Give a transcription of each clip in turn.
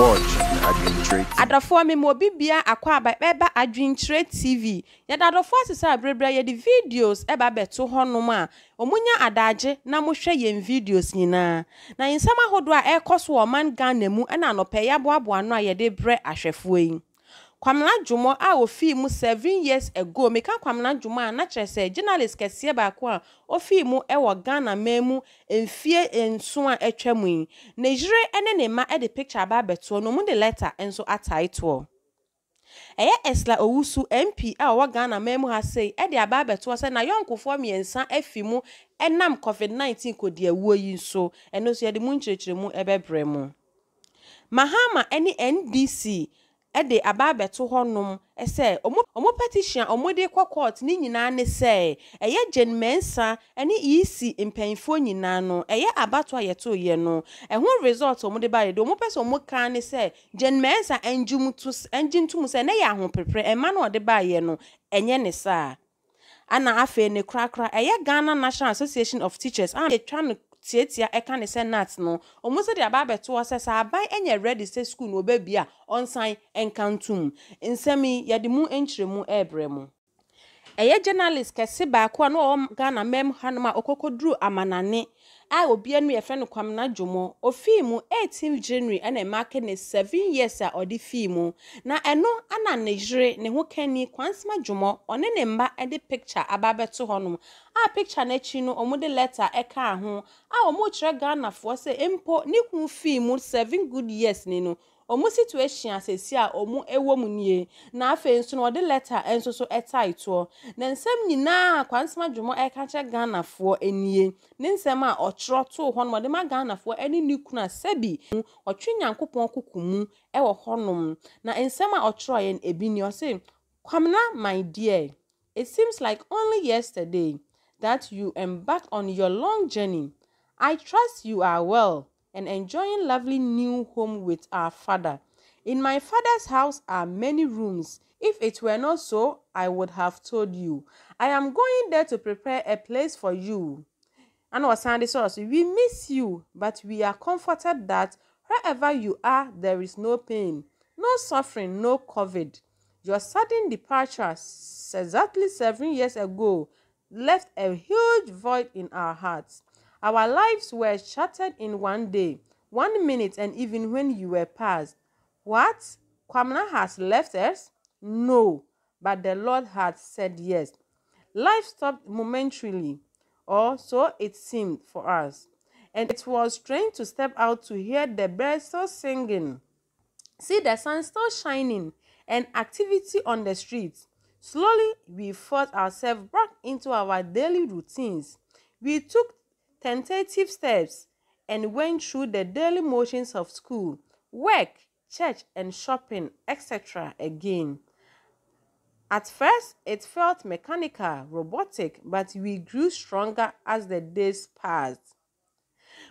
watch adwinkyerɛ tv. adɔfoɔ mi mu obi bia akɔ aba ɛbɛba adwinkyerɛ tv yɛde adɔfoɔ asesa aberɛberɛ yɛde videos ɛba abɛto hɔnom a ɔmunya adagye na mohwɛ yɛn videos nyinaa na nsɛm ahodoɔ a ɛrekɔ so wɔ ɔman ghana mu ɛna anɔpɛ yɛ aboaboa a yɛde brɛ ahwɛfoɔ yi. kwamna dwuma a ofii mu seven years ago meka kwamena dwomɔ a na kyerɛ sɛ journalist kɛseɛ baako a ofii mu wɔ ghana man mu mfie nson a atwa mu yi ne yere ne ne mma de picture aba abɛtoɔ na ɔmo de letter nso ataetoɔ ɛyɛ ɛsla owusu mp a ɔwɔ ghana man mu ha sei de aba abɛtoɔ sɛ na yɔnkofoɔ mmiɛnsa afi mu nam covid-19 kɔdi awuo yi nso ɛno nso yɛde mu nkyerɛkyerɛ mu bɛbrɛ mu mahama ne ndc de aba abɛto hɔnom ɛsɛ ɔmo petition a ɔmode kɔ court ne nyinaa ne sɛ ɛyɛ gyen mɛnsa ɛne EC mpanyinfoɔ nyinaa no ɛyɛ abato a yɛtoeɛ no ɛho result ɔmode baeɛ deɛ sɛ ɔmo kan ne sɛ gyen mɛnsa ɛngye sɛ ne yɛ ɛma no ɔde ɛnyɛ ne tiatia ɛka ne sɛ nat no ɔmo sɛ deɛ aba abɛto hɔ sɛ sɛ aban ɛnyɛ ready sɛ sukuu na ɔbɛbi a ɔnsan ɛnka ntom nsɛm yi yɛde mu mu ɛɛbrɛ mu ɛyɛ journalist kɛse baako a na ɔwɔ ghana mɛm hanom a ɔkɔkɔduru amanane a obi no yɛfrɛ no kwamena dwomo ofii mu 18 january ɛna ɛmaake ne 7 years a ɔde fii mu na ɛno ana ne yere ne ho kani kwansima dwomo ɔne ne mba de picture aba abɛto hɔnom a picture n'akyi no wɔn de letter ɛkaa ho a wɔn rekyerɛ ghanafoɔ sɛ mpo ne kun fii mu 7 good years ni no wɔn situation asɛsi a wɔn wɔ mu nie na afei nso na wɔde letter nso so tae toɔ na nsɛm nyinaa kwansɛm adwuma ɛka kyerɛ ghanafoɔ nie ne nsɛm a ɔtwerɛ too hɔ no wɔde ma ghanafoɔ ne ne kunu asɛbi ɔtwe nyankopɔn koko mu wɔ hɔnom na nsɛm a ɔtwerɛ yɛn ebi nie ɔse kwamna my dear it seems like only yesterday that you embarked on your long journey i trust you are well and enjoying lovely new home with our father. In my father's house are many rooms. If it were not so, I would have told you. I am going there to prepare a place for you. And our Sunday source, we miss you, but we are comforted that wherever you are, there is no pain, no suffering, no COVID. Your sudden departure exactly seven years ago left a huge void in our hearts. Our lives were shattered in one day, one minute, and even when you were past. What? Kwamna has left us? No, but the Lord had said yes. Life stopped momentarily, or so it seemed for us, and it was strange to step out to hear the birds still singing, see the sun still shining, and activity on the streets. Slowly, we forced ourselves back into our daily routines. We took tentative steps, and went through the daily motions of school, work, church, and shopping, etc. again. At first, it felt mechanical, robotic, but we grew stronger as the days passed.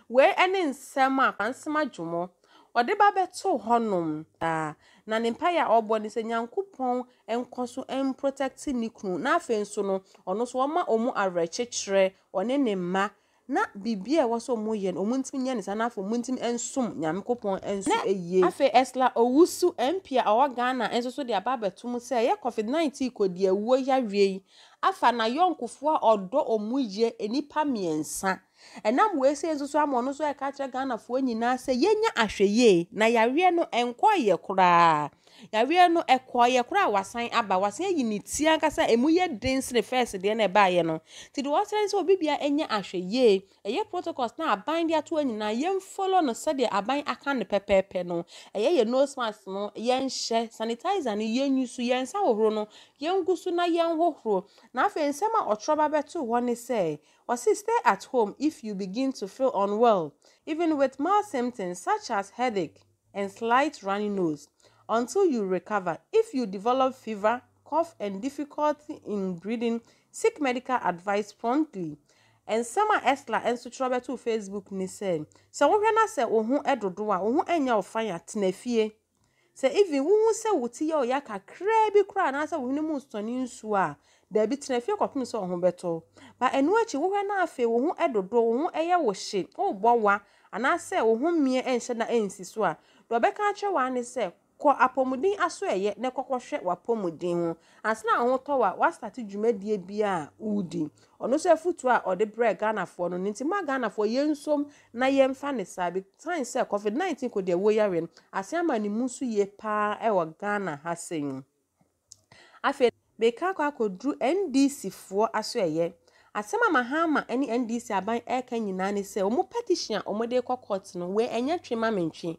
Wee ne nsɛm a kwansɛm adwumɔ ɔde ba to hɔnom daa ah, na ne mpaeɛ a ɔbɔ ne sɛ nyankopɔn nkɔ so mprotect ne kunu na afei nso no ɔno nso ɔma ɔmu awerɛkyekyerɛ ɔne ne ma na biribi a ɛwɔ so ɔmo yɛ no ɔmo ntumi nyɛ ne sa n'afɔ ɔmo ntumi nsom nyame kopɔn nso yie. na afei ɛsla owu so mp a ɔwɔ ghana nso so de aba abɛto mu sɛ ɛyɛ covid nineteen kɔ deɛ ɛwuo yawie yi afa na yɔnkofoɔ a ɔdɔ ɔmo yie nipa mmiɛnsa ɛnam wei sɛ nso so ama ɔno nso ɛka kyerɛ ghanafoɔ nyinaa sɛ yɛnya ahwɛ yie na yareɛ no nkɔɔ yɛ koraa yareɛ no ɛkɔɔ yɛ koraa wasan aba wasan ayi ne ti ankasa emu yɛ den sene fɛs deɛ na ɛbaayɛ no ti de wɔsɛn sɛ obi bia ɛnyɛ ahwɛ yie ɛyɛ protocols na aban de ato nyinaa yɛn fɔlɔ no sɛdeɛ aban aka ne pɛpɛɛpɛ no ɛyɛ yɛ nose mask no yɛn hyɛ sanitizer no yɛn nyi so yɛn nsa hohoro no yɛn gu so na yɛn hohoro na afei nsɛm a ɔtɔrɔba bɛto hɔ ne sɛ ɔsi stay at home if you begin to feel unwell even with mild symptoms such as headache and slight runny nose until you recover. If you develop fever, cough, and difficulty in breathing, seek medical advice promptly. And a ɛsla nso twerɛ bɛto facebook ne sɛ sɛ wohwɛ na sɛ wo ho dodo a wo ho nyɛ wo fan a tena even wohu sɛ wo ti yɛ ɔyɛ kakraa bi koraa anaasɛ wo hwene mu nsɔne nsuo a daabi tena fie kɔpem sɛ wo ho bɛtɔ ba ɛno akyi wohwɛ no afei wo ho dodo wo ho yɛ wo hye wobɔ wa anaasɛ wo ho mmeɛ nhyɛ na nsi so a deɛ ɔbɛka wa ne kɔ apɔmuden aso ɛyɛ na kɔkɔhwɛ w'apɔmuden ho asena a ɔhotɔ wa wasate dwumadie bi a ɔredi ɔno nso afutuo a ɔde brɛ ghanafoɔ no ne nti mmaa ghanafoɔ yɛn nsom na yɛmfa ne saa bi tan sɛ covid nineteen kɔ deɛ wɔyare no ase ama ne mu nso yie paa ɛwɔ ghana ha sɛn afei beka akɔ akɔduru ndc foɔ aso ɛyɛ asɛm a mahama ne ndc aban ɛreka nyinaa ne sɛ wɔn petition a wɔde kɔ court no wei ɛnyɛ twe mentwe.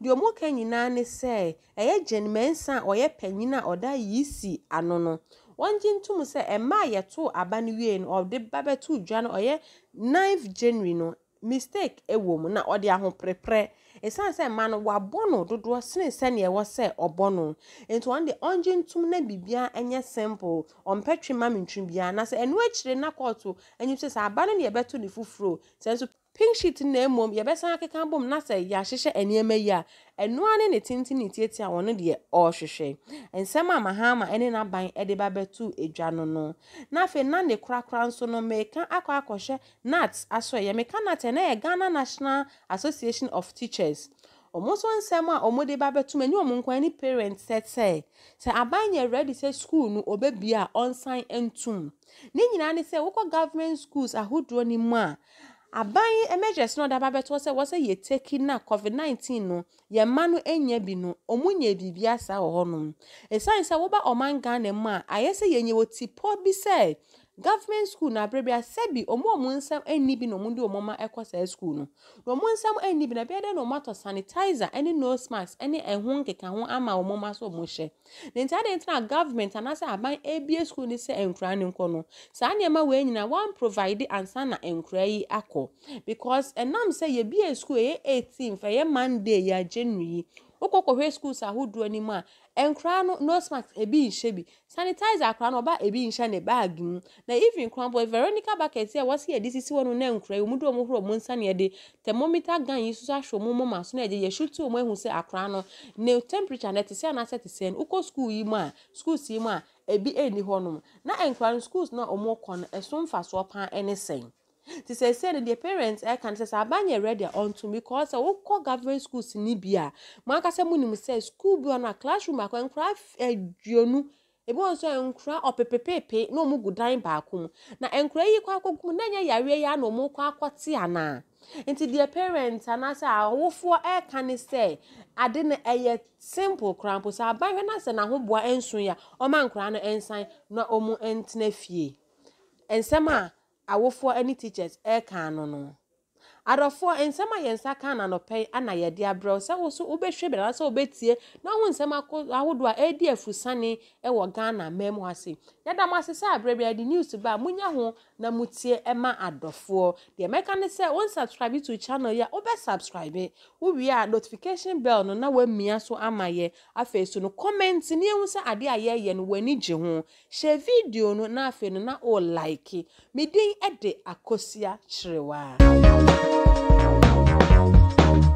deɛ ɔmo nyinaa ne sɛ ɛyɛ gyen a ɔyɛ panyin a ɔda yi si ano no wɔngye ntom sɛ yɛtoo aba no wie no ɔde ba bɛtoo dwa no ɔyɛ 9 january no mistake ɛwɔ mu na ɔde ahopreprɛ ɛsiane sɛ mmaa no wabɔ no dodoɔ sene sɛnea ɛwɔ sɛ ɔbɔ no nti de ɔngye na bibia ɛnyɛ simple ɔmpɛ ma biara na sɛ ɛno akyire na kɔɔto anim sɛ sɛ aba no ne yɛbɛto ne foforɔ sɛ nso pink sheet na mmom yɛbɛsan akeka abom na sɛ yɛahyehyɛ nneɛma yi a ɛnoa ne ne tenten ne tietia wɔn deɛ ɔrehwehwɛ nsɛm a mahama ne n'aban de ba bɛtu edwa no no na na ne korakora nso no meka akɔ akɔhyɛ nat aso yɛ meka nat na yɛ ghana national association of teachers wɔn nso nsɛm a wɔn de ba bɛtum ɛne wɔn nkwan ne parent sɛsɛ sɛ aban yɛ ready sɛ school no ɔbɛbia ɔnsan ntum ne nyinaa ne sɛ wokɔ government schools ahodoɔ ne mu a aban emergency na no daba bɛtɔ sɛ wɔsɛ yɛ teki na covid nineteen no yɛn mma no enya bi no ɔmo nya biribi asa wɔ hɔnom esan e sɛ wɔba ɔman ghana mu a ayɛ sɛ yɛn yɛ wɔ tipɔ bi sɛ government school na abere bi asɛbi ɔmo ɔmo nsɛm ɛnni bi na ɔmo de ɔmo ma ɛkɔ saa school no na ɔmo nsɛm ɛnni bi na bɛyɛ dɛ na ɔmo atɔ sanitizer ɛne nose mask ɛne ɛho nkeka ho ama ɔmo ma so ɔmo hyɛ ne nti adeɛ government anaasɛ aban ebie school ne sɛ nkura ne nkɔ no saa nneɛma wei nyinaa wɔn provide ansa na nkura yi akɔ because ɛnam sɛ yɛbie school ɛyɛ eighteen fɛ ɛyɛ monday yɛ january wokɔ kɔhwɛ schools ahodoɔ anim a nkwaraa no nose mask ebi nhyɛ bi sanitizer akwaraa no ɔba ebi nhyɛ ne baage mu na even kwan bɔ veronica bucket a wɔsi yɛde sisi hɔ no na nkwaraa yi wɔn do wɔn horo wɔn nsa na yɛde thermometer gun yi nso ahwɛ wɔn moma so na yɛde yɛhwɛ tu wɔn ehu sɛ akwaraa no ne temperature na ɛte sɛ anaasɛ te sɛ no wokɔ school yi mu a schools yi mu a ebi ɛnni hɔnom na nkwaraa no schools na wɔn kɔ no ɛso mfasoɔ paa ɛne sɛn. nti sɛ sɛ no deɛ parents ɛka eh, no sɛ sɛ aba nyɛ ready a ɔntum because sɛ eh, wokɔ government schools ni bi a mo ankasa mu nim sɛ school bi ɔno a classroom akɔ nkora aduonu eh, ebi wɔn nso nkora ɔpepepepe na wɔn gu dan baako mu na nkora yi kɔ akɔgu mu na nyɛ yareɛ yi ana wɔn kɔ akɔte anaa nti deɛ parents anaasɛ awofoɔ ah, ɛka ne sɛ ade no ɛyɛ simple koraa mpo sɛ aban na sɛ n'ahoboa nso yɛ ɔma nkora no nsan na wɔn ntena fie nsɛm a. awofoɔ ne teachers ɛrekan no no adɔfoɔ nsɛm a yɛn nsa ka na nɔpɛ ana yɛde abrɛw sɛ woso wobɛhwɛ bi anaasɛ wobɛtie na ho nsɛm ahodoɔ a ɛredi afusane wɔ ghana mɛm ho ase yɛda mo ase sɛ aberɛ bi yɛde news ba a monya ho na motie ma adɔfoɔ deɛ mɛka ne sɛ wɔn subscribe to channel yi a wobɛ subscribe wowie a notification bell no na wamia so ama yɛ afei so no comment ne ehu sɛ adeɛ a yɛreyɛ no w'ani gye ho hyɛ video no na afei no na o like me din de akosia kyerewa. Thank you.